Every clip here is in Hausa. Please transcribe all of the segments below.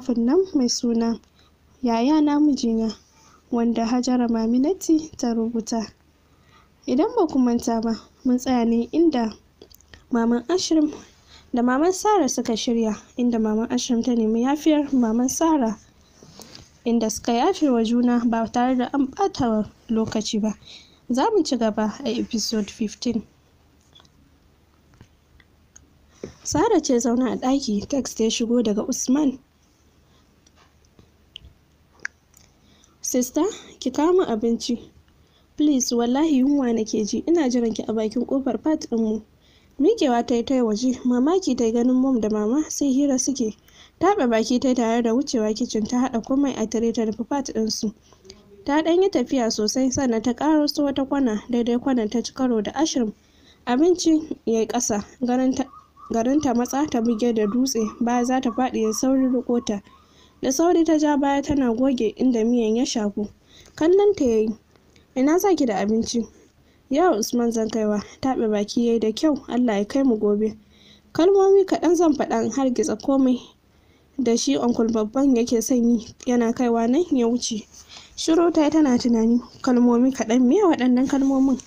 littafin nan mai suna yaya na mijina wanda hajara maminati ta rubuta idan ba manta ba mun tsaya ne inda maman ashirin da maman sara suka shirya inda maman ashirin ta nemi yafiyar maman sara inda suka yafe wa juna ba tare da an ɓata lokaci ba za mu ci gaba a episode 15 sara ce zauna a ɗaki text ya shigo daga usman Sista, ki kawo abinci. Please, wallahi yunwa nake ji, ina jiran ki a bakin kofar fat ɗinmu. mikewa ta yi ta waje, mamaki ta yi ganin mom da mama sai hira suke. Taɓa baki ta tare da wucewa kicin ta haɗa komai a tare ta nufi fat ɗinsu. Ta ɗan yi tafiya sosai sannan ta ƙaro su wata kwana daidai kwana ta ci karo da ashirin. abinci ya yi ƙasa, garin ta matsa ta buge da dutse baya za ta faɗi ya saurin rikota. da sauri ta ja baya tana goge inda miyan ya shafu kallon ta yayi ina zaki da abinci yawa usman zan kaiwa taɓa baki yayi da kyau allah ya kai mu gobe kalmomi kaɗan zan faɗa har gitsa komai da shi onkul babban yake sanyi yana kaiwa nan ya wuce shiru ta tana tunani kalmomi kaɗan me waɗannan kalmomin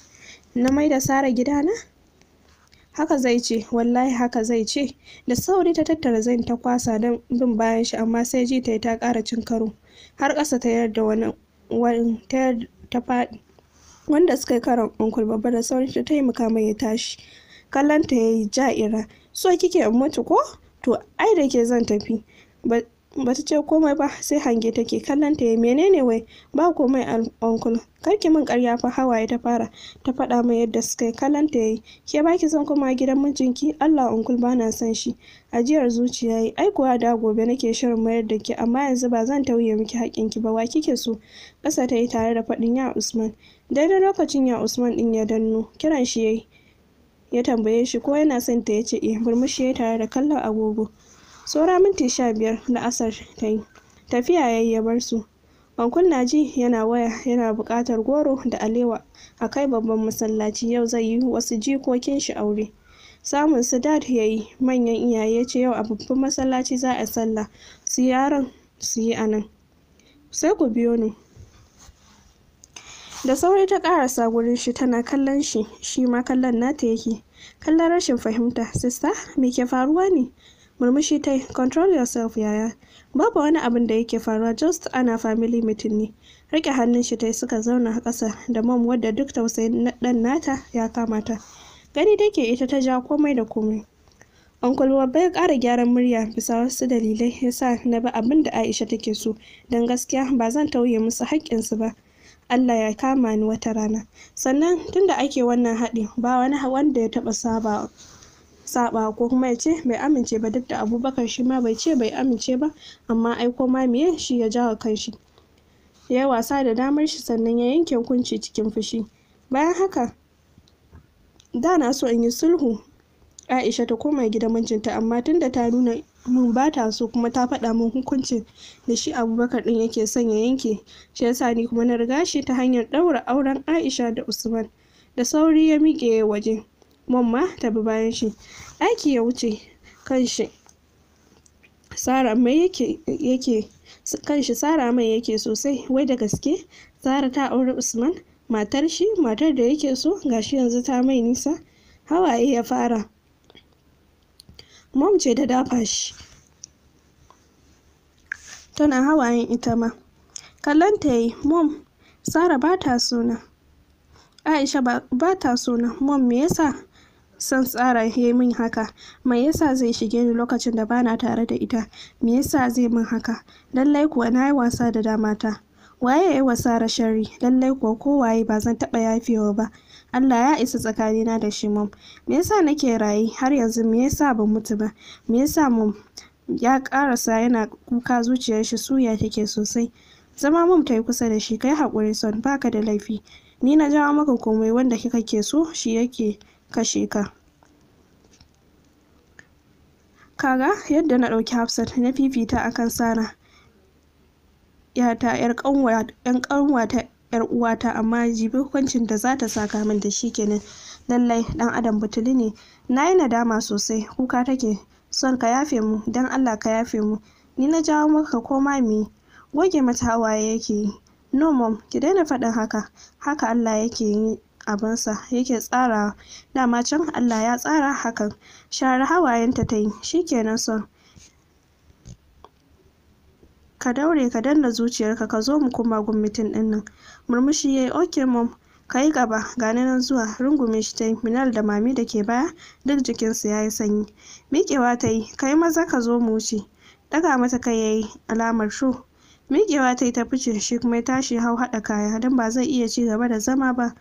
na mai da sara gidana haka zai ce wallahi haka zai ce da sauri ta tattara zain ta kwasa don bin bayan shi amma sai ji ta ta ƙara cin karo har kasa ta yarda wani ta faɗi wanda suka yi karon unkul babba da sauri ta taimaka mai ya tashi kallon ta ya yi ja'ira so kike in mutu ko to ai da ke zan tafi bata ce komai ba sai hange take kallon ta eh, menene wai ba komai uncle ki min karya fa hawaye ta fara ta faɗa mai yadda suka yi kallon ta yayi ke ki son kuma gidan mijinki Allah uncle ba na son shi ajiyar zuciya yi ai kuwa da gobe nake shirin mayar da ki amma yanzu ba zan tauye miki haƙƙinki ba wa kike so kasa ta yi tare da faɗin ya Usman daidai lokacin ya Usman din ya danno kiran shi yayi ya tambaye shi ko yana son ta yace eh murmushi ya tare da kallon agogo saura minti sha biyar da asar ta yi tafiya ya yi bar su Naji yana waya yana buƙatar goro da alewa a kai babban masallaci yau zai yi wasu jikokin shi aure. Samun su dad ya yi manyan iyaye ce yau a babban masallaci za a sallah su yaran su yi a nan. Sai ku biyo ni. Da sauri ta ƙarasa gurin shi tana kallon shi shi ma kallon nata yake. Kallon rashin fahimta sista me ke faruwa ne? murmushi ta control yourself yaya babu wani abin da yake faruwa just ana family meeting ne rike hannun shi ta suka zauna ƙasa da mom wadda duk tausayin dan nata ya kamata gani ke ita ta ja komai da komai onkul Wabba ya ƙara gyaran murya bisa wasu dalilai ya sa na bi abin da Aisha take so, don gaskiya ba zan tauye musu haƙƙinsu ba. Allah ya kama ni wata rana. Sannan tunda ake wannan haɗi ba wani wanda ya taɓa sabawa saba ko kuma ya ce bai amince ba duk da abubakar shi ma bai ce bai amince ba amma ai ko ma miye shi ya jawa kanshi ya yi wasa da damar shi sannan ya yanke hukunci cikin fushi bayan haka da na so in yi sulhu aisha ta koma gida mijinta amma tun da ta nuna mun ba ta so kuma ta faɗa min hukuncin da shi abubakar ɗin yake son ya yanke shi yasa ni kuma na riga shi ta hanyar ɗaura auren aisha da usman da sauri ya miƙe waje mamma ta bi bayan shi aiki ya wuce kanshi tsara mai yake kanshi tsara mai yake sosai wai da gaske tsara ta auri usman matar shi matar da yake so ga shi yanzu ta mai nisa hawaye ya fara mom ce da dafa shi tana hawayen ita ma kallon ta yi mom tsara ba ta suna aisha ba ta suna mom me yasa son tsara ya min haka mai yasa zai shige ni lokacin da bana tare da ita me yasa zai min haka lallai kuwa na yi wasa da dama ta waye ya yi wasara shari lallai kuwa kowaye ba zan taɓa yafewa ba Allah ya isa tsakanina da shi mom me yasa nake raye har yanzu me yasa ban mutu ba me yasa mom ya karasa yana kuka zuciyar shi suya take sosai zama mom ta yi kusa da shi kai haƙuri son baka da laifi ni na jawo maka komai wanda kika ke so shi yake kashe ka kaga yadda na ɗauki hafsat na fifita akan sara yata yar kanwa yar uwata amma jibi hukuncin da za ta saka min da shi kenan lallai dan adam butuli ne na yi nadama sosai kuka take son ka yafe mu don allah ka yafe mu ni na jawo maka koma me goge mata hawaye yake yi no mom ki daina faɗin haka haka allah yake yi abinsa yake tsara dama can Allah ya tsara hakan share hawayenta ta yi shikenan son ka daure ka danna zuciyarka ka zo mu kuma gun mitin nan murmushi yayi okay mom ka yi gaba gani nan zuwa rungume shi ta yi minal da mami da ke baya duk jikinsa ya yi sanyi miƙewa ta yi ka yi maza ka zo mu wuce daga mata kai ya yi alamar shu miƙewa ta yi ta fice shi kuma ya tashi hau haɗa kaya don ba zai iya ci gaba da zama ba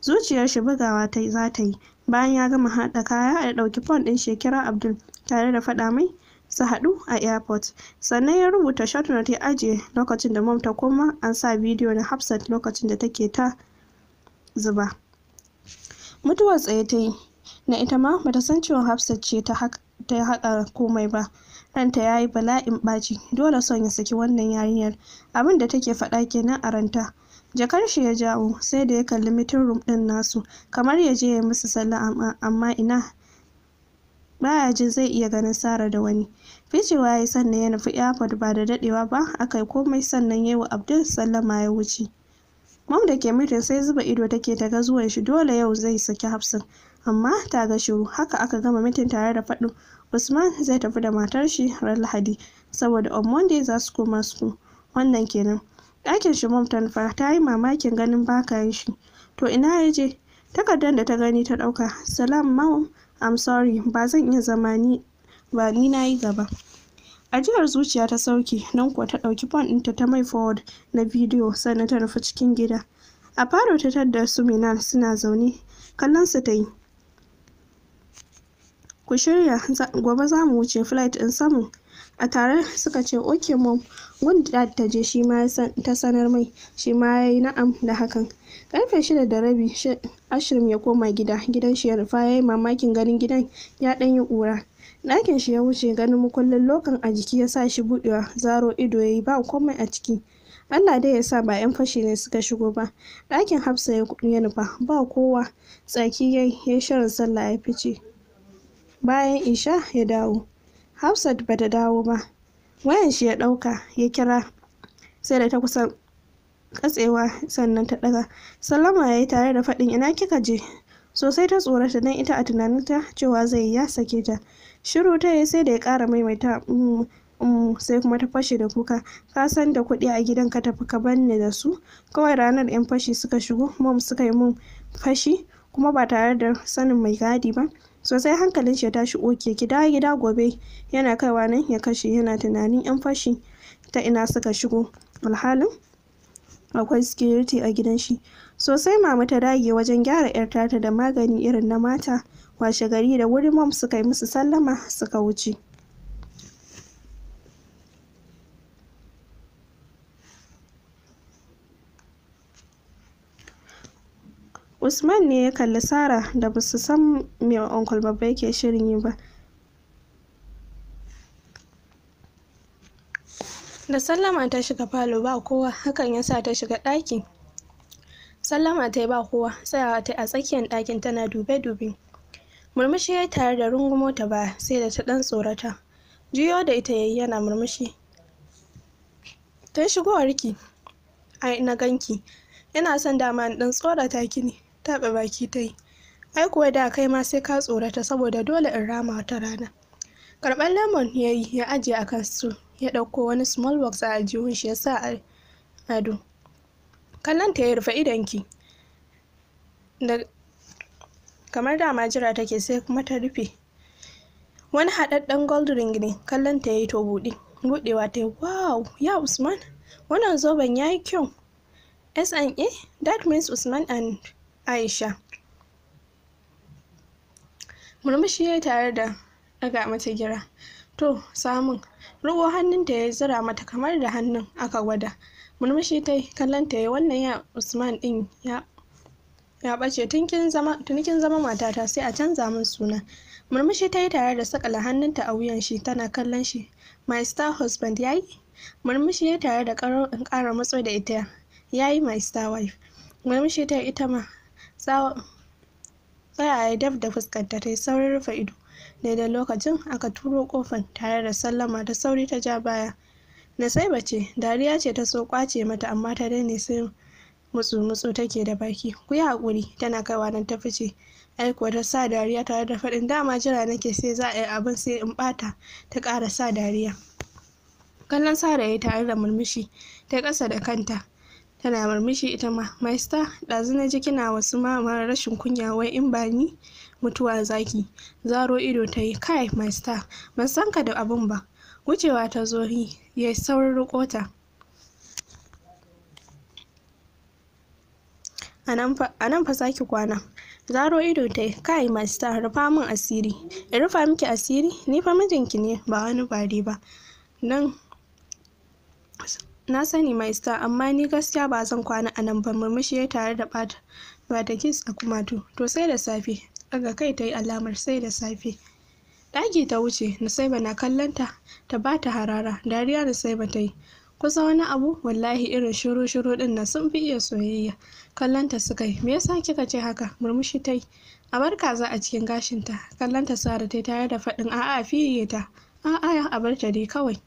zuciyar shi bugawa ta za ta yi bayan ya gama haɗa kaya ya ɗauki fon ɗin shekara abdul tare da faɗa mai su haɗu a airport sannan ya rubuta shot ya ajiye lokacin da mom ta koma an sa bidiyo na hafsat lokacin da take ta zuba mutuwar tsaye ta yi na ita ma bata san cewa hafsat ce ta haƙa komai ba ranta ya yi bala'in ɓaci dole son ya saki wannan yarinyar abin da take faɗa kenan a ranta jakar shi ya jawo sai da ya kalli mitin rum ɗin nasu kamar ya je ya musu sallah amma ina baya jin zai iya ganin sara da wani ficewa ya sannan ya nufi airport ba da dadewa ba aka yi komai sannan ya yi wa abdul sallama ya wuce mom da ke mitin sai zuba ido take ta ga zuwan shi dole yau zai saki hafsin amma ta ga shiru haka aka gama mitin tare da faɗin usman zai tafi da matar shi ran lahadi saboda on monday za su koma su wannan kenan ɗakin shi mom ta nufa ta yi mamakin ganin yin shi to ina ya je takardar da ta gani ta ɗauka salam ma i'm sorry ba zan iya zama ni ba ni na yi gaba ajiyar zuciya ta sauke don kuwa ta ɗauki fon ɗinta ta mai forward na bidiyo sannan ta nufa cikin gida a faro ta tadda su suna zaune kallon su ta yi ku shirya gobe za mu wuce flight ɗin samu. a tare suka ce ok mom wanda da ta je shi ma ta sanar mai shi ma ya yi na'am da hakan karfe shida da rabi ashirin ya koma gida gidan shi ya rufa ya yi mamakin ganin gidan ya dan yi ƙura ɗakin shi ya wuce ganin mukullin lokan a jiki ya sa shi buɗewa zaro ido ya yi ba komai a ciki Allah dai ya sa ba 'yan fashi ne suka shigo ba. Ɗakin Hafsa ya ya nufa ba kowa tsaki ya yi shirin sallah ya fice. Bayan Isha ya dawo. Hafsat ba ta dawo ba. Wayan shi ya dauka ya kira sai da ta kusa katsewa sannan ta daga Salama ya yi tare da fadin ina kika je. Sosai ta tsorata don ita a tunaninta cewa zai ya sake ta. Shiru ta yi sai da ya kara maimaita mm, mm, sai kuma ta fashe da kuka ka san da kuɗi a gidan ka tafi ka banne da su kawai ranar yan fashi suka shigo mom suka yi mun fashi kuma ba tare da sanin mai gadi ba sosai hankalin shi ya tashi oke ki dawo gida gobe yana kaiwa nan ya kashe yana tunanin yan fashi ta ina suka shigo alhalin akwai security a gidan shi sosai mama ta dage wajen gyara yar tata da magani irin na mata washe gari da wuri mom suka yi musu sallama suka wuce Usman ne ya kalli Sarah da ba su san me Uncle Babba yake shirin yi ba. Da sallama ta shiga falo ba kowa hakan ya sa ta shiga ɗaki. Sallama ta yi ba kowa tsayawa ta a tsakiyar ɗakin tana dube-dube. Murmushi ya tare da rungumo ta ba sai da ta ɗan tsorata. Juyo da ita yayi yana murmushi. Ta shigowar shigowarki, a na ganki, ina son dama in ɗan tsorata ki ne. taɓa baki ta yi ai kuwa da kai ma sai ka tsorata saboda dole in rama wata rana karɓar lemon ya yi ya ajiye a kan su ya ɗauko wani small box a aljihun shi ya sa a ado kallon ta ya rufe ki. da kamar dama jira take sai kuma ta rufe wani haɗaɗɗen gold ring ne kallon ta ya yi to buɗe buɗewa ta yi wow ya usman wannan zoben ya yi kyau s&a that means usman and Aisha. Murmushi ya tare da ɗaga mata gira. To, samun. Rugo hannunta ya zira mata kamar da hannun aka gwada. Murmushi ta yi kallon ta yi wannan ya Usman ɗin ya ya ɓace tun kin zama matata sai a canza min suna. Murmushi ta yi tare da sakala hannunta a wuyan shi tana kallon shi. My star husband ya yi? Murmushi ya tare da ƙara matso da ita. Ya yi my star wife. Murmushi ta yi ita ma tsaya daf da fuskanta ta yi saurin rufe ido daidai lokacin aka turo kofan tare da sallama ta sauri ta ja baya na sai bace dariya ce ta so kwace mata amma ta daina sai mutsu mutsu take da baki ku yi hakuri tana kaiwa nan ta fice aikuwa ta sa dariya tare da faɗin dama jira nake sai za a yi abin sai in ɓata ta ƙara sa dariya kallon sara ya tare da murmushi ta ƙasa da kanta tana murmushi ita ma maista ɗazu na ji kina wasu mama rashin kunya wai in ba ni mutuwa zaki zaro ido ta yi kai maista ban san ka da abun ba wucewa ta zo yi ya saurin rikota a nan fa zaki kwana zaro ido ta yi kai maista rufa min asiri in rufa miki asiri ni fa mijinki ne ba wani bare ba nan Na sani mai star amma ni gaskiya ba zan kwana a nan ba murmushi ya tare da bata kis a kumatu to sai da safe daga kai ta yi alamar sai da safe. Ɗaki ta wuce sai na kallonta ta bata harara dariya da ta yi kusa wani abu wallahi irin shiru shiru din na sun fi iya soyayya kallanta suka yi me yasa kika ce haka murmushi yi a bar za a cikin gashinta kallanta sara tai tare da faɗin a'a fiye ta a'a a bar ta dai kawai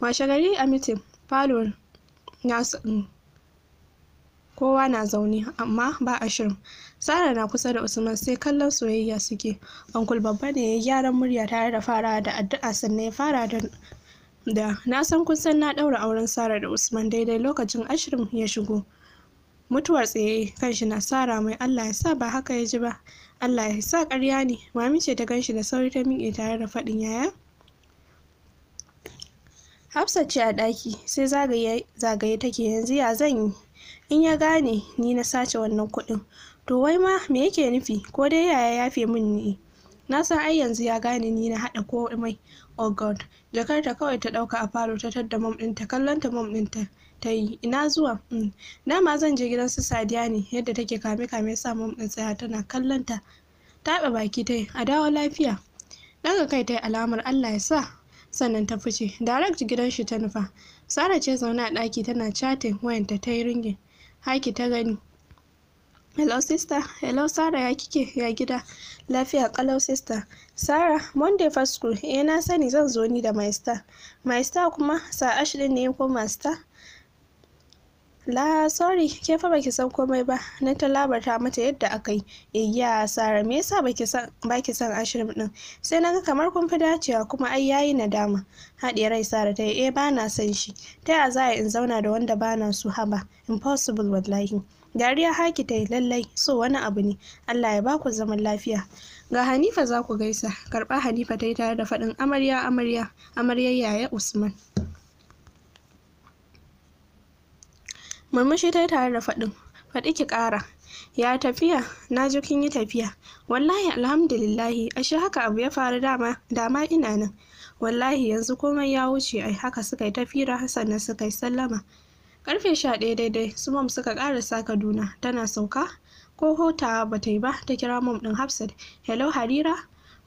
washe gari a mitin falo mm, kowa na zaune amma ba a shirin sara na kusa da usman sai kallon soyayya suke uncle babba ne ya gyaran murya tare da farawa da addu'a sannan ya fara da da na san kun san na daura auren sara da usman daidai lokacin ashirin ya shigo mutuwar tsaye kanshi na sara mai allah ya sa ba haka ya ji ba allah ya sa karya ne mami ce ta ganshi da sauri ta miƙe tare da faɗin yaya Hafsat ce a ɗaki sai zagaye take yanzu ya zan yi in ya gane ni na sace wannan kuɗin to wai ma me yake nufi ko dai yaya yafe min ne na san ai yanzu ya gane ni na haɗa mai oh god jakarta kawai ta ɗauka a falo ta tadda mom ɗinta kallon ta mom ɗinta ta yi ina zuwa mm. dama zan je gidan su sadiya ne yadda take kame kame sa mom ɗin tsaya tana kallon ta taɓa baki ta yi a dawo lafiya daga kai ta yi alamar allah ya sa sannan ta fice direct gidan shi ta nufa sara ce zaune a ɗaki tana chatin wayanta ta yi ringin haki ta gani hello sister hello sara ya kike ya gida lafiya kalau sister sara monday first school eh na sani zan zo ni da maista maista kuma sa ashirin ne ko master la sorry ke fa baki san komai ba na ta labarta mata yadda aka yi yayya sara me yasa baki san baki san ashirin din sai naga kamar kun fi dacewa kuma ai yayi nadama haɗe rai sara ta yi eh bana san shi ta ya za in zauna da wanda bana su haba impossible wallahi dariya haki ta yi lallai so wani abu ne allah ya baku zaman lafiya ga hanifa za ku gaisa karɓa hanifa ta yi tare da faɗin amarya amarya amaryar yaya usman murmushi ta yi tare da faɗin faɗi ki ƙara ya tafiya na ji kin yi tafiya wallahi alhamdulillahi ashe haka abu ya faru dama dama ina nan wallahi yanzu komai ya wuce ai haka suka yi tafira hassan na suka yi sallama karfe sha ɗaya daidai su mom suka sa kaduna tana sauka ko hotawa ba ta yi ba ta kira mom ɗin hafsat hello harira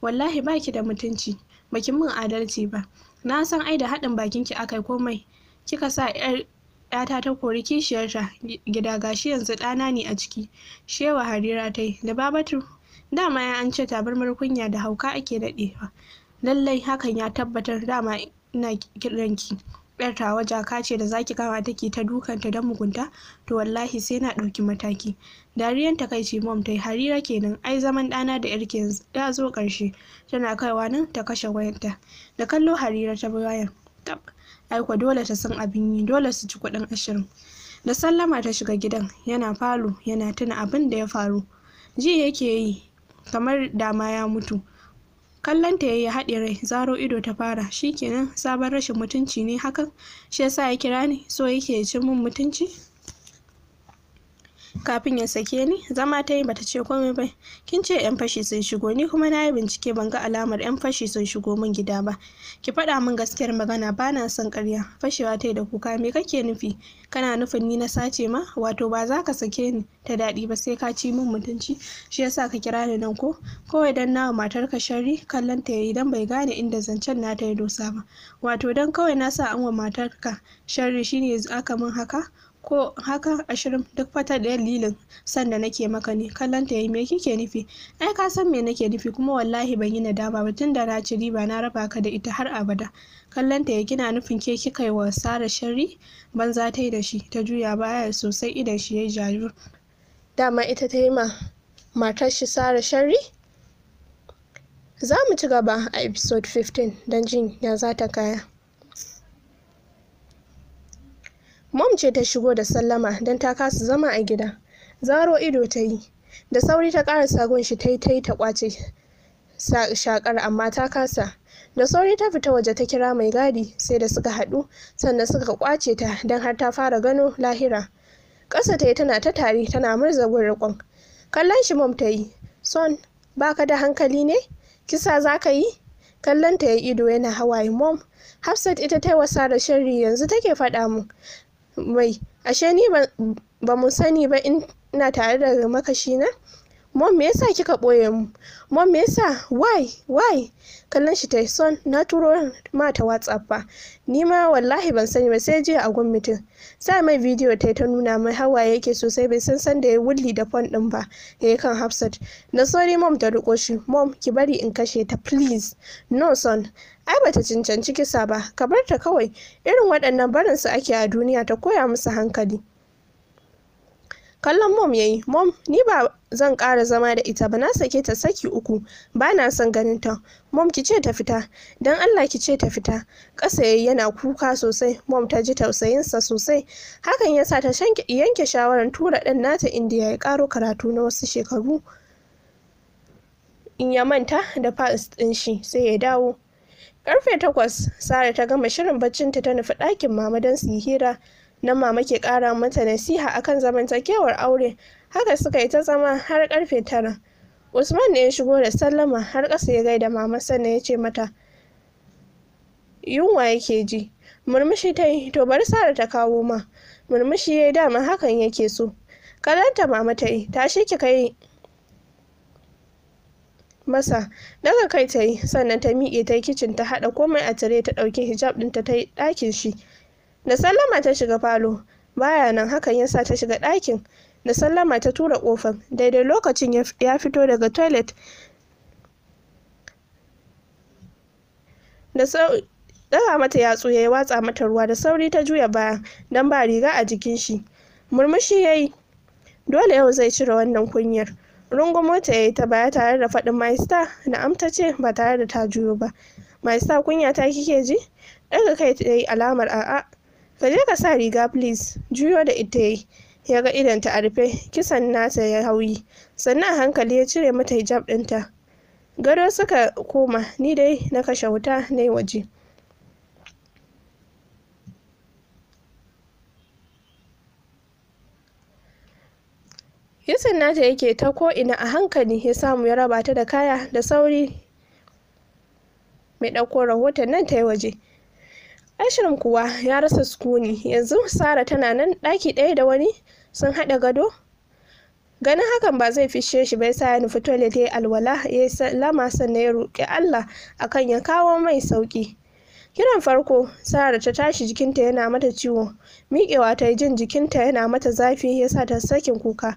wallahi baki da mutunci baki min adalci ba na san ai da haɗin bakinki akai komai kika sa 'yar 'yata ta kori kishiyarta gida gashi yanzu ɗana ne a ciki shewa harira ta yi da babatu dama ya an ce tabarmar kunya da hauka ake daɗewa lallai hakan ya tabbatar dama ina kiranki yar tawa jaka ce da zaki kama take ta dukanta don mugunta to wallahi sai na ɗauki mataki dariyan ta takaici mom ta yi harira kenan ai zaman ɗana da yar yanzu ya zo ƙarshe tana kaiwa nan ta kashe wayanta da kallo harira ta bayan tab aiko dole ta san abin yi dole su ci kuɗin ashirin da sallama ta shiga gidan yana falo yana tuna abin da ya faru ji yake yi kamar dama ya mutu kallon ta yayi haɗe rai zaro ido ta fara shikenan sabon rashin mutunci ne hakan shi yasa ya kira ni so yake ya ci min mutunci kafin ya sake ni zama ta yi bata ce komai ba kin ce yan fashi sun shigo ni kuma na yi bincike ban ga alamar yan fashi sun shigo min gida ba ki faɗa min gaskiyar magana ba na son karya fashewa ta yi da kuka me kake nufi kana nufin ni na sace ma wato ba za ka sake ni ta daɗi ba sai ka ci min mutunci shi yasa ka kira ni nan ko kawai dan nawa matarka sharri kallon ta yayi dan bai gane inda zancen na ta ya dosa ba wato dan kawai na sa an wa matarka sharri shine aka min haka ko haka ashirin duk fata da lilin sanda nake maka ne kallon ta yi me kike nufi ai ka san me nake nufi kuma wallahi ban yi nadama ba tun da na ci riba na raba ka da ita har abada kallon ta ya kina nufin ke kika yi wa sara sharri banza ta yi da shi ta juya baya sosai idan shi ya yi jaru dama ita ta yi ma matar shi sara sharri za mu ci gaba a episode 15 don jin ya za ta kaya mom ce ta shigo da sallama don ta kasa zama a gida zaro ido ta yi da sauri ta ƙara sagon shi ta yi ta kwace shakar amma ta kasa da sauri ta fita waje ta kira mai gadi sai da suka haɗu sannan suka kwace ta don har ta fara gano lahira ƙasa ta yi tana ta tari tana murza riƙon kallon shi mom ta yi son baka da hankali ne kisa za ka yi kallon ta yi ido yana hawaye mom hafsat ita ta yi wasa da shirri yanzu take faɗa mu mai ashe ni ba mu sani ba ina tare da makashi na mom me yasa kika ɓoye mu mom me yasa why why kallon shi tai son na turo ma ta whatsapp ba ni ma wallahi ban sani ba sai jiya a gun mutum sa mai bidiyo ta ta nuna mai hawaye yake sosai bai san san da ya wulli da fon din ba da kan hafsat na sauri mom ta riko shi mom ki bari in kashe ta please no son ai ta cancanci kisa ba ka bar ta kawai irin waɗannan barinsu ake a duniya ta koya musu hankali kallon mom yayi mom ni ba zan ƙara zama da ita ba na sake ta saki uku ba na son ganin ta mom ki ce ta fita don allah ki ce ta fita ƙasa yayi yana kuka sosai mom ta ji tausayinsa sosai hakan ya sa ta yanke shawarar tura ɗan nata indiya ya karo karatu na wasu shekaru in ya manta da fa'is ɗin shi sai ya dawo karfe takwas sara ta gama shirin baccinta ta nufi ɗakin mama don su yi hira nan mama ke kara mata nasiha akan zamantakewar aure haka suka yi ta zama har karfe tara usman ne ya shigo da sallama har kasa ya gaida mama sannan ya ce mata yunwa yake ji murmushi ta yi to bari sara ta kawo ma murmushi ya yi dama hakan yake so kalanta mama ta yi ta shi ki kai masa daga kai ta yi sannan ta miƙe ta yi kicin ta haɗa komai a tare ta ɗauki hijab ɗinta ta yi ɗakin shi da sallama ta shiga falo baya nan hakan sa ta shiga ɗakin da sallama ta tura ƙofar daidai lokacin ya fito daga toilet da ɗaga mata yatsu ya yi watsa mata ruwa da sauri ta juya baya don ba riga a jikin shi murmushi ya yi dole yau zai cire wannan kunyar Rungumota ya yi ta baya tare da faɗin maista na amtace ba tare da ta juyo ba maista kunya ta kike ji Ɗaga kai ta yi alamar a'a ka je ka sa riga please juyo da ita yayi ya ga idanta a rufe kisan nasa ya hauyi sannan hankali ya cire mata hijab ɗinta gado suka koma ni dai na kashe wuta na yi waje Yusuf nata yake ta ko'ina a hankali ya samu ya raba ta da kaya da sauri mai ɗauko rahoton nan ta yi waje ashirin kuwa ya rasa sukuni yanzu sara tana nan ɗaki ɗaya da wani sun haɗa gado ganin hakan ba zai fishe shi bai sa ya nufi toilet ya alwala ya lama sannan ya roƙi allah akan ya kawo mai sauƙi kiran farko sara ta tashi jikinta yana mata ciwo miƙewa ta yi jin jikinta yana mata zafi ya sa ta sakin kuka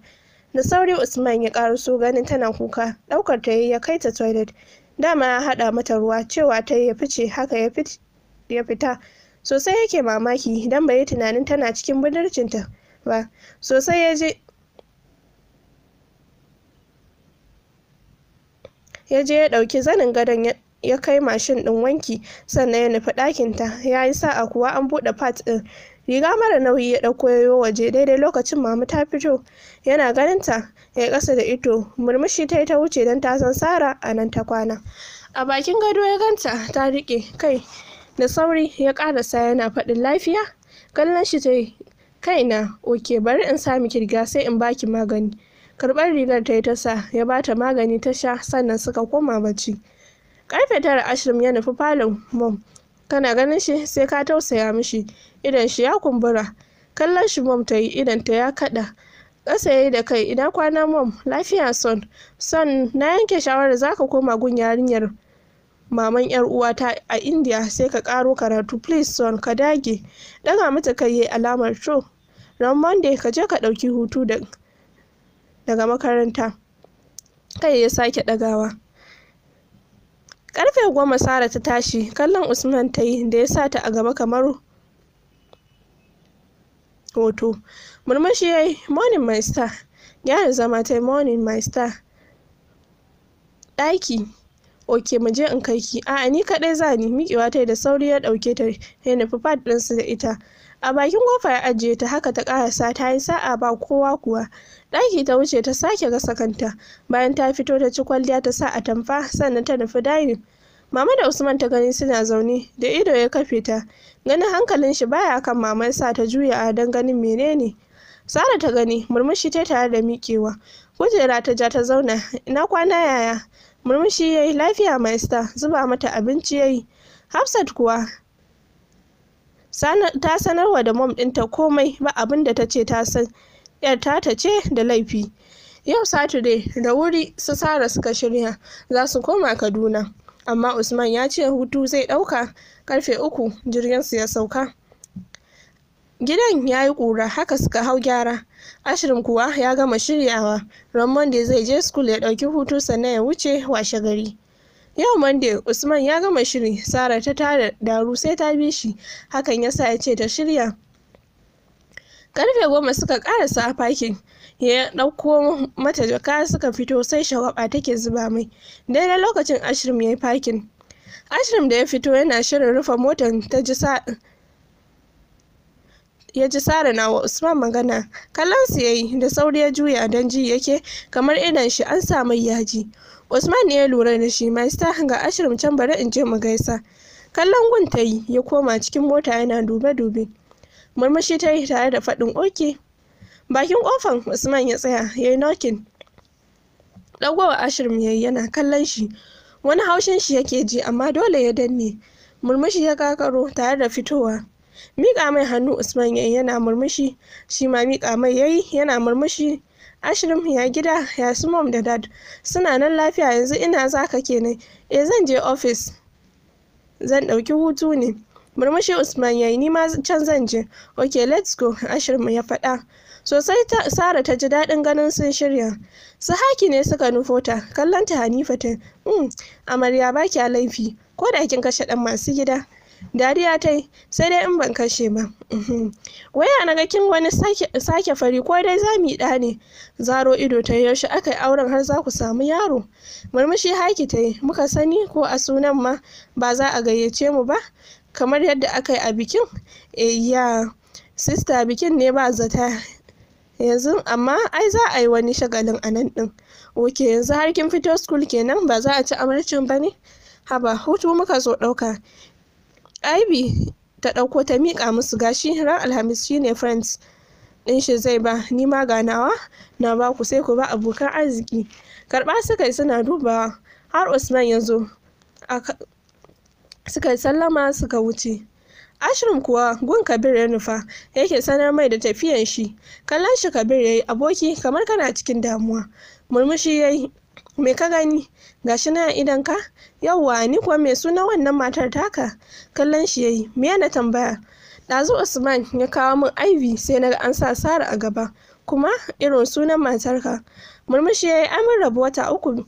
da sauri usman ya ƙaruso ganin tana kuka ɗaukar ta ya kai ta toilet dama ya haɗa mata ruwa cewa ta yi ya fice haka ya fice ya fita sosai yake mamaki idan bai yi tunanin tana cikin budurcinta ba sosai ya je ya je ya ɗauki zanin gadon ya kai mashin din wanki sannan ya nufi ɗakinta ya yi sa'a kuwa an buɗe fat ɗin riga mara nauyi ya ɗauko yayo waje daidai lokacin mamu ta fito yana ganinta ya ƙasa da ito murmushi ta yi ta wuce don ta san sara a nan ta kwana a bakin gado ya ganta ta rike kai da sauri ya karasa yana faɗin lafiya kallon shi tai kaina oke bari in sami kirga sai in baki magani karbar rigar ta yi ta sa ya bata magani ta sha sannan suka koma bacci karfe tara ashirin ya nufi falon mom kana ganin shi sai ka tausaya mishi idan shi ya kumbura kallon shi mom ta yi idan ta ya kaɗa ƙasa ya yi da kai idan kwana mom lafiya son son na yanke shawarar zaka koma gun yarinyar maman yar uwata a india sai ka karo karatu please son ka dage daga mata kai yayi alamar to ran monday ka je ka dauki hutu daga makaranta kai ya sake dagawa karfe goma sara ta tashi kallon usman ta yi da ya sa ta a gaba kamar hoto murmushi ya yi morning my star gyara zama ta yi morning my star ɗaki oke mu je in kai ki a'a ni kadai za ni ta ta da sauri ya dauke ta ya nufi pad su da ita a bakin kofa ya ajiye ta haka ta karasa ta yi sa'a ba kowa kuwa ɗaki ta wuce ta sake gasa kanta bayan ta fito ta ci kwalliya ta sa a tamfa. sannan ta nufi dayin mama da usman ta gani suna zaune da ido ya kafe ta ganin hankalin shi baya kan maman sa ta juya a dan ganin menene sara ta gani murmushi ta tare da mikewa kujera ta ja ta zauna ina kwana yaya murmushi yayi lafiya maista zuba mata abinci yayi hafsat kuwa ta sanarwa da mom ɗinta komai ba abin da ta ce ta san yar ta ce da laifi yau saturday da wuri su sara suka shirya za su koma kaduna amma usman ya ce hutu zai ɗauka karfe uku jirgin su ya sauka gidan ya yi ƙura haka suka hau gyara ashirin kuwa ya gama shiryawa ran monday zai je school ya ɗauki hutu sannan ya wuce washe gari yau monday usman ya gama shiri sara ta tara daru sai ta bi shi hakan ya sa ya ce ta shirya karfe goma suka karasa fakin ya dauko mata jaka suka fito sai shagwaba take zuba mai daidai lokacin ashirin ya yi parking ashirin da ya fito yana shirin rufe motar ta ji ya ji sara na wa usman magana kallon su yayi da sauri ya juya don ji yake kamar idan shi an samu yaji usman ne ya lura da shi mai sa ga ashirin can bari in je mu gaisa kallon gun ta yi ya koma cikin mota yana dube dube murmushi ta yi tare da faɗin oke bakin kofan usman ya tsaya ya yi nokin ɗagowa ashirin yayi yana kallon shi wani haushin shi yake ji amma dole ya danne murmushi ya kakaro tare da fitowa Mika mai hannu usman yayi yana murmushi shi ma mika mai yayi yana murmushi ashirin ya gida ya su mom da dad suna nan lafiya yanzu ina zaka kenan E, zan je ofis zan ɗauki hutu ne murmushi usman yayi ni ma can zan je ok let's go ashirin ya faɗa sosai sara ta ji daɗin ganin sun shirya su haki ne suka nufo ta kallon ta hanifa ta hmm, amarya baki a laifi ko da kin kashe ɗan masu gida dariya ta yi sai dai in ban kashe ba waya na ga kin wani sake fari ko dai za mu ɗa ne zaro ido ta yaushe aka yi auren har za ku samu yaro murmushi haki ta yi muka sani ko a sunan ma ba za a gayyace mu ba kamar yadda aka yi a bikin E, ya sista bikin ne ba zata yanzu amma ai za a yi wani shagalin a nan ɗin Oke, yanzu har kin fito school kenan ba za a ci amarcin ba ne haba hutu muka zo ɗauka Ivy ta ɗauko ta miƙa musu gashi ran Alhamis shi ne friends ɗin shi zai ba ni ma ganawa na ba ku sai ku ba abokan arziki karɓa suka yi suna dubawa har Usman ya zo suka yi sallama suka wuce ashirin kuwa gun kabir ya nufa yake sanar mai da tafiyan shi kallon shi kabir ya yi aboki kamar kana cikin damuwa murmushi ya yi me ka gani gashi na idan ka yawwa ni kuwa mai suna wannan matar taka kallon shi yayi me yana tambaya ɗazu usman ya kawo min IV sai na an sa sara a gaba kuma irin sunan matarka murmushi yayi amin rabu wata uku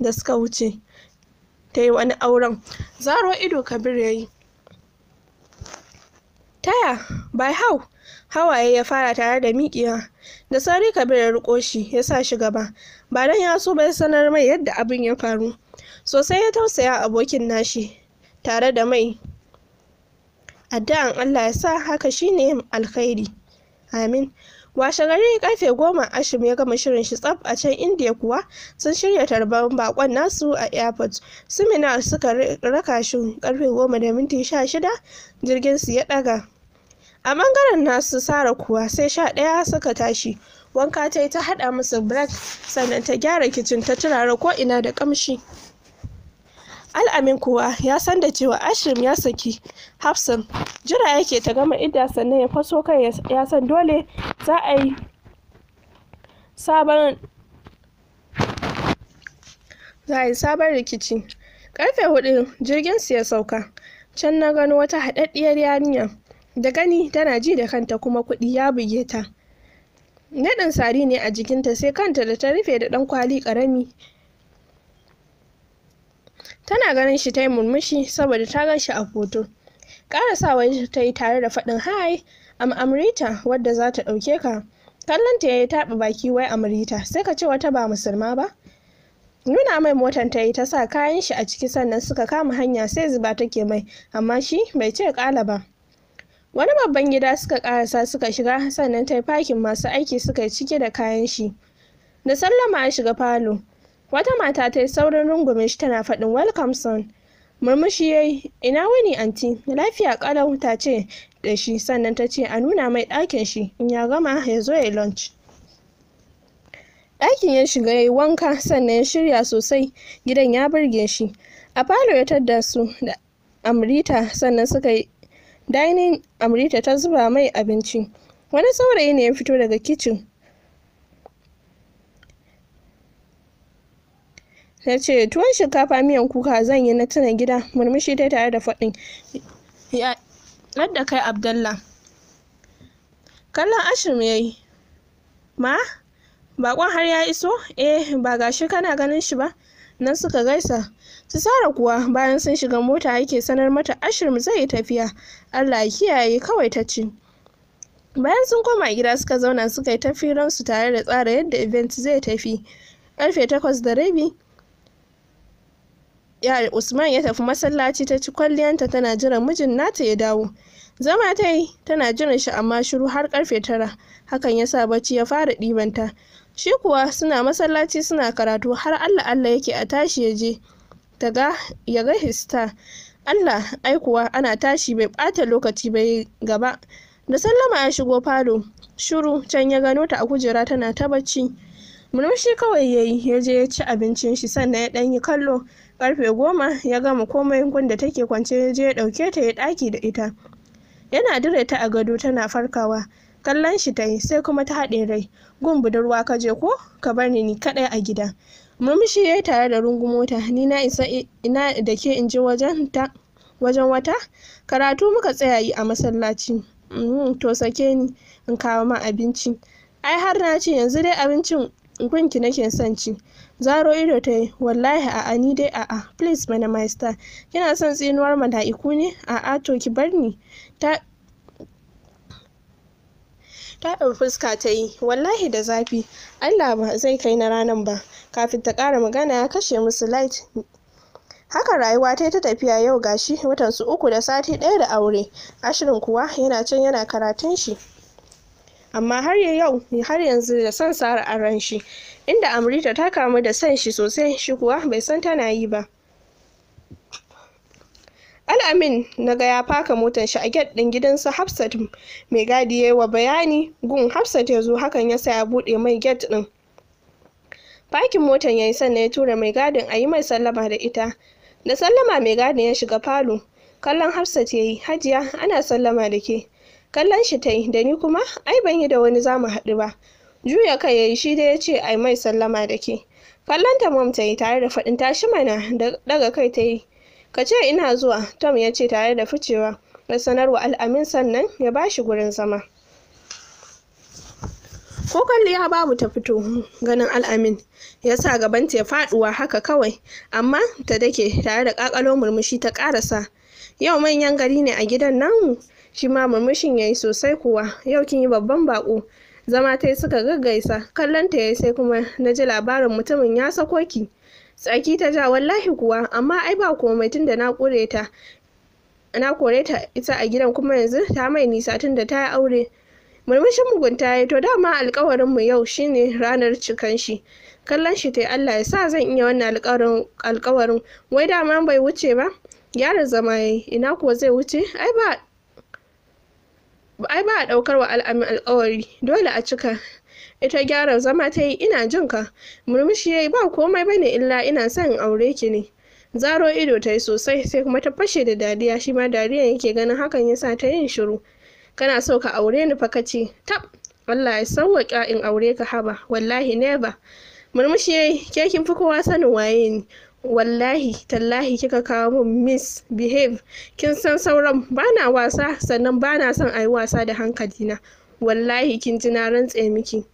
da suka wuce ta yi wani auren zaro ido kabir yayi taya by how hawaye ya fara tare da miƙiya da sauri kabir ya riko shi ya sa shi gaba ba don ya so bai sanar mai yadda abin ya faru sosai ya tausaya abokin nashi tare da mai addu'an Allah ya sa haka shine alkhairi amin washe gari karfe goma ashim ya gama shirin shi tsaf a can india kuwa sun shirya tarban bakon nasu a airport seminar suka raka shi karfe goma da minti sha shida jirgin su ya daga a ɓangaren nasu sara kuwa sai sha ɗaya suka tashi wanka ta yi ta haɗa musu break sannan ta gyara kicin ta turare ko ina da ƙamshi al'amin kuwa ya san da cewa ashirin ya saki hafsan jira yake ta gama idda sannan ya faso kai ya san dole za a yi sabon za a yi sabon rikici karfe hudu jirgin su ya sauka can na gano wata haɗaɗɗiyar yarinya da gani tana ji da kanta kuma kuɗi ya buge ta naɗin sari ne a jikinta sai kanta da ta rufe da ɗan kwali ƙarami tana ganin shi ta yi murmushi saboda ta gan shi a foto ƙarasawa ta yi tare da faɗin hi am amrita wadda za ta ɗauke ka kallon ta yi taɓa baki wai amrita sai ka ce wata ba musulma ba nuna mai motan ta yi ta sa kayan shi a ciki sannan suka kama hanya sai zuba take mai amma shi bai ce ƙala ba wani babban gida suka karasa suka shiga sannan ta fakin masu aiki suka cike da kayan shi da sallama ya shiga falo wata mata ta yi saurin rungume shi tana faɗin welcome son murmushi yi, ina wani anti lafiya kalau ta ce da shi sannan ta ce a nuna mai ɗakin shi in ya gama ya zo ya lunch ɗakin ya shiga ya yi wanka sannan ya shirya sosai gidan ya burge shi a falo ya tadda su da amrita sannan suka yi dining amrita ta zuba mai abinci wani saurayi ne ya fito daga kicin ta ce tuwon shinkafa miyan kuka zan yi na tuna gida murmushi ta tare da faɗin yadda kai abdalla kallon ashim ya yi ma bakon har ya iso eh ba gashi kana ganin shi ba nan suka gaisa su sara kuwa bayan sun shiga mota yake sanar mata ashirin zai yi tafiya allah ya kiyaye kawai ta ci. bayan sun koma gida suka zauna suka yi tafi su tare da tsara yadda event zai tafi karfe takwas da rabi ya usman ya tafi masallaci ta ci kwalliyanta tana jiran mijin nata ya dawo zama ta yi tana jiran shi amma shiru har karfe tara hakan ya sa bacci ya fara ɗibanta shi kuwa suna masallaci suna karatu har allah allah yake a tashi ya je ya ga hista allah ai kuwa ana tashi bai ɓata lokaci bai gaba da sallama ya shigo falo shuru can ya gano ta a kujera tana ta bacci murmushi kawai ya yi ya je ya ci abincin shi sannan ya ɗan yi kallo karfe goma ya gama komai gunda take kwance ya je ya ɗauke ta ya ɗaki da ita yana dire ta a gado tana farkawa kallon shi ta yi sai kuma ta haɗe rai gun budurwa ka je ko ka bar ni ni kaɗai a gida murmushi ya yi tare da mota. ni na isa ina da ke in je wajen ta wajen wata karatu muka tsaya yi a masallaci mm, to sake ni in kawo ma abinci ai har na ce yanzu dai abincin gunki nake son ci zaro ido ta yi wallahi a'a ni dai a'a please mana master kina son tsinuwar mala'iku ne a'a to ki bar ni taɗin fuska ta yi wallahi da zafi allah ba zai kai na ranan ba kafin ta ƙara magana ya kashe musu light haka rayuwa ta yi ta tafiya yau gashi watan su uku da sati ɗaya da aure ashirin kuwa yana can yana karatun shi amma har yau har yanzu da son sara a ran shi inda amrita ta kamu da san shi sosai shi kuwa bai san tana yi ba al'amin na ga ya faka motar shi a get ɗin gidansa hafsat mai gadi ya wa bayani gun hafsat ya zo hakan ya sa ya buɗe mai get ɗin fakin motar ya yi sannan ya tura mai gadin a yi mai sallama da ita da sallama mai gadin ya shiga falo kallon hafsat ya yi hajiya ana sallama da ke kallon shi ta yi da ni kuma ai ban yi da wani za mu haɗu ba juya kai ya yi shi da ya ce ai mai sallama da ke kallon ta mamta ta yi tare da faɗin tashi mana da daga kai ta yi ka ce ina zuwa tom ya ce tare da ficewa na sanarwa al'amin sannan ya ba shi gurin zama ko kwalliya babu ta fito ganin al'amin ya sa gabanta ya faduwa haka kawai amma ta dake tare da kakalo murmushi ta karasa yau manyan gari ne a gidan nan shi ma murmushin ya yi sosai kuwa yau kin yi babban bako zama ta yi suka gaggaisa kallon ta ya sai kuma na ji labarin mutumin ya sako ki tsaki ta ja wallahi kuwa amma ai ba komai tunda na kore ta na kore ta ita a gidan kuma yanzu ta mai nisa tunda ta yi aure murmushin mugunta ya yi to dama alkawarin mu yau shine ranar cikan shi kallon shi tai Allah ya sa zan iya wannan alkawarin wai dama bai wuce ba gyara zama yi ina kuwa zai wuce ai ba ai ba a daukar wa al'amin alkawari dole a cika ita gyara zama ta yi ina jin ka murmushi ya yi ba komai bane illa ina son in aure ki ne zaro ido ta yi sosai sai kuma ta fashe da dariya shi ma dariyan yake ganin hakan ya sa ta yin shiru kana so ka aure ni fa kace tab Allah ya sauwaƙa in aure ka haba wallahi never murmushi yi ke kin fi kowa sanin waye ni wallahi tallahi kika kawo min miss behave kin san sauran bana wasa sannan bana son a yi wasa da hankalina wallahi kin ji na rantse miki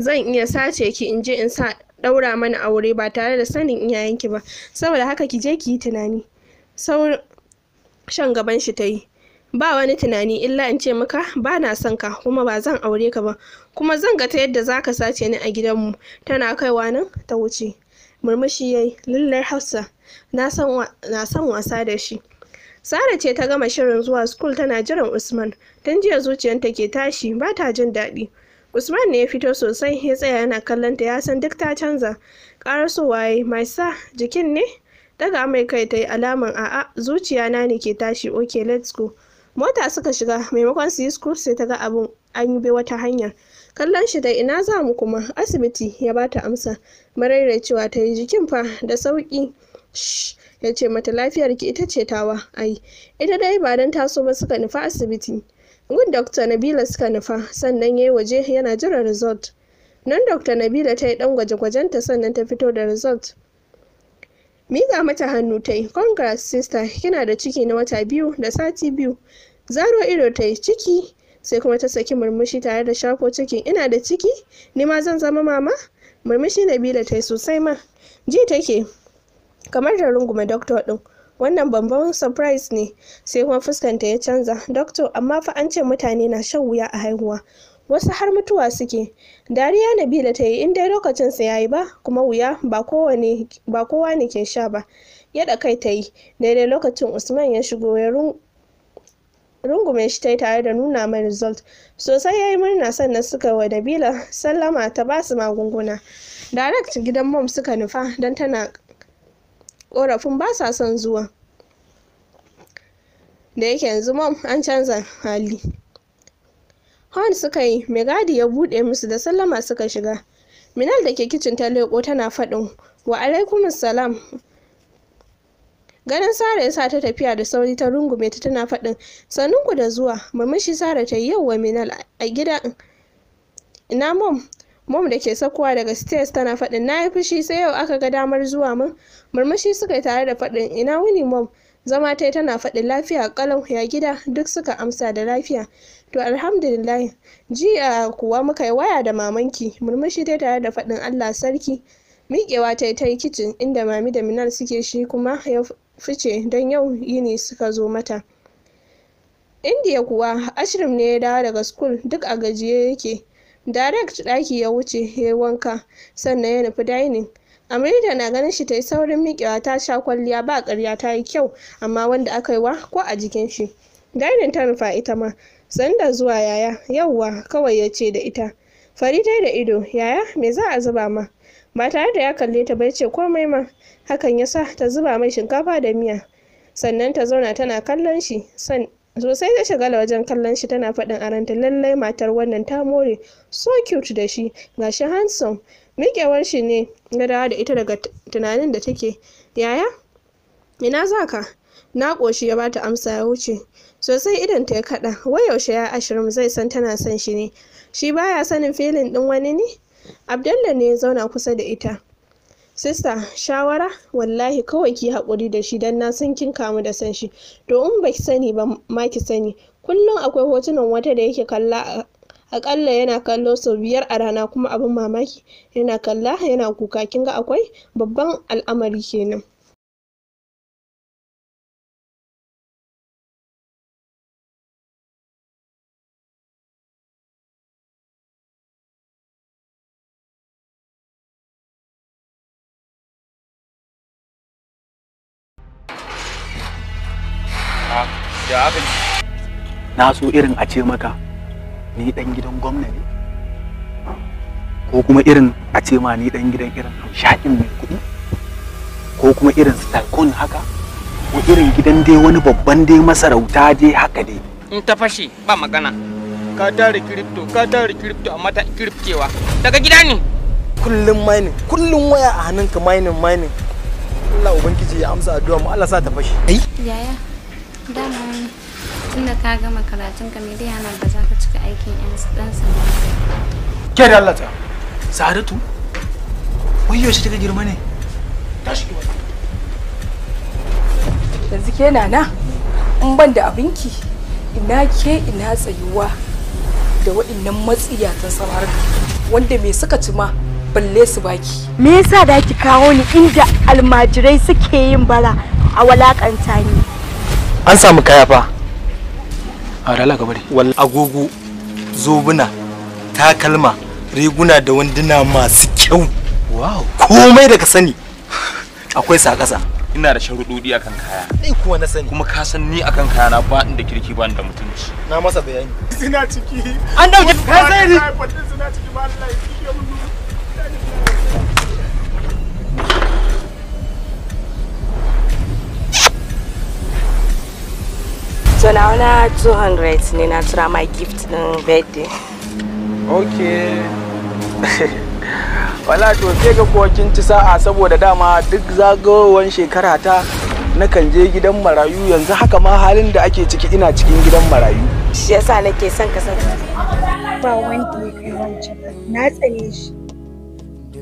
zan iya sace ki in je in sa ɗaura mana aure ba tare da sanin iyayenki ba saboda haka ki je ki yi tunani shan gaban shi ta yi ba wani tunani illa in ce maka ba na son ka kuma ba zan aure ka ba kuma zan ga ta yadda za ka sace ni a gidanmu tana kaiwa nan ta wuce murmushi ya yi lullar hafsa na son wasa da shi sara ce ta gama shirin zuwa school tana jiran usman tun jiya zuciyarta ke tashi ba ta jin daɗi Usman ne ya fito sosai ya tsaya yana kallon ta ya san duk ta canza. Karaso waye mai sa jikin ne? Daga mai kai ta yi alaman a'a zuciya na ne ke tashi okay let's go. Mota suka shiga maimakon su yi school sai ta ga abun an yi bi wata hanya. Kallon shi da ina za mu kuma asibiti ya ba ta amsa. Marairai cewa ta yi jikin fa da sauki. ya ce mata ki ita ce tawa ai ita dai ba don taso ba suka nufa asibiti gun dr nabila suka nufa sannan ya yi waje yana jiran result nan dr nabila ta yi dan gwaje-gwajenta sannan ta fito da result Miga mata hannu ta yi congrats sister kina da ciki na wata biyu da sati biyu zaro ido ta yi ciki sai kuma ta saki murmushi tare da shafo ciki ina da ciki ni ma zan zama mama murmushi nabila ta yi sosai ma ji take kamar da runguma doctor ɗin. wannan bambam surprise ne sai kuma fuskanta ya canza doctor amma fa an ce mutane na shan wuya a haihuwa wasu har mutuwa suke dariya nabila ta yi in dai lokacin ya yayi ba kuma wuya ba kowa ne ke sha ba yada kai ta yi daidai lokacin usman ya shigo ya rungume shi ta yi tare da nuna mai result sosai ya yi murna sannan suka wa nabila sallama ta basu magunguna direct gidan mom suka nufa don tana korafin ba sa son zuwa da yake yanzu mom an canza hali horn suka yi megadi ya buɗe musu da sallama suka shiga minal da ke kicin ta leƙo tana faɗin wa alaikum salam ganin sara ya sa ta tafiya da sauri ta rungume ta tana faɗin sannunku da zuwa murmushi sara ta yi yau wa minal a gida ina mom mom da ke sakowa daga stairs tana faɗin na yi fushi sai yau aka ga damar zuwa min murmushi suka yi tare da faɗin ina wuni mom zama ta tana faɗin lafiya kalau ya gida duk suka amsa da lafiya to alhamdulillah jiya kuwa muka yi waya da mamanki murmushi ta tare da faɗin allah sarki miƙewa ta ta yi kicin inda mami da minal suke shi kuma ya fice don yau yini suka zo mata indiya kuwa ashirin ne ya dawo daga school duk a gajiye yake Direct ɗaki ya wuce ya yi wanka, sannan ya nufi dining. amrita na ganin shi ta yi saurin mikewa ta sha kwalliya ba karya ta yi kyau, amma wanda aka yi wa ko a jikin shi. Dining ta nufa ita ma, sanda zuwa yaya, yauwa kawai ya ce da ita. Fari ta da ido, yaya me za a zuba ma? Ba tare da ya kalle ta bai ce komai ma, hakan ya sa ta zuba mai shinkafa da miya. Sannan ta zauna tana kallon shi, san sosai ta shagala wajen kallon shi tana faɗin aranta lallai matar wannan ta more so cute da shi Ga shi handsome miƙewar shi ne na dawa da ita daga tunanin da take yaya ina za ka na ƙoshi ya bata amsa ya wuce sosai idan ta ya kaɗa wai yaushe ya ashirin zai san tana son shi ne shi baya sanin filin ɗin wani ne abdallah ne ya zauna kusa da ita sista shawara wallahi kawai ki haƙuri da shi don na san kin kamu da san shi to in ba ki sani ba ma ki sani kullum akwai hotunan wata da yake kalla akalla yana kallo sau biyar a rana kuma abin mamaki yana kalla yana kuka kin ga akwai babban al'amari kenan abin na so irin a ce maka ni dan gidan gwamna ne ko kuma irin a ce ma ni dan gidan irin hamshakin mai kuɗi ko kuma irin stalkon haka ko irin gidan dai wani babban dai masarauta dai haka dai in ta fashe ba magana ka tare kiripto ka tare kiripto amma ta kiriptewa daga gida ne kullum mining kullum waya a hannunka mining mining Allah ubangiji ya amsa addu'a mu Allah sa ta fashe ai yaya dama tunda ka gama karatun ka me dai yana ba za ka cika aikin yan dan sanda ke da Allah ta Sadatu wai shi kika girma ne tashi ki wani yanzu ke nana in ban da abinki ina ke ina tsayuwa da waɗannan matsiyatan samarka wanda me suka ci ma balle su baki. Me yasa da ki kawo ni inda almajirai suke yin bara a walakanta ni? An samu kaya fa. a da ka bari agogo zobuna takalma riguna da wanduna masu kyau wow komai da ka sani akwai sa kasa ina da sharuɗoɗi akan kaya ni kuwa na sani kuma ka san ni akan kaya na ba da kirki ba da mutunci na masa bayani suna ciki an dauke ka sai ni suna ciki ba Allah ya kiyaye mu so na wana 200 ne na tura my gift din mm, birthday okay wala to sai ga kokin ci sa'a saboda dama duk zagawowar shekara ta nakan je gidan marayu yanzu haka ma halin da ake ciki ina cikin gidan marayu shi yasa nake son ka san ba wanda ya kai wancan na tsane shi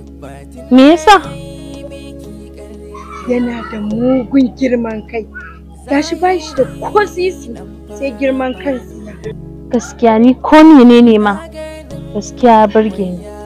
me yasa yana da mugun girman kai gashi ba shi da ko sisi sai girman kansa gaskiya ni ko menene ma gaskiya burge ni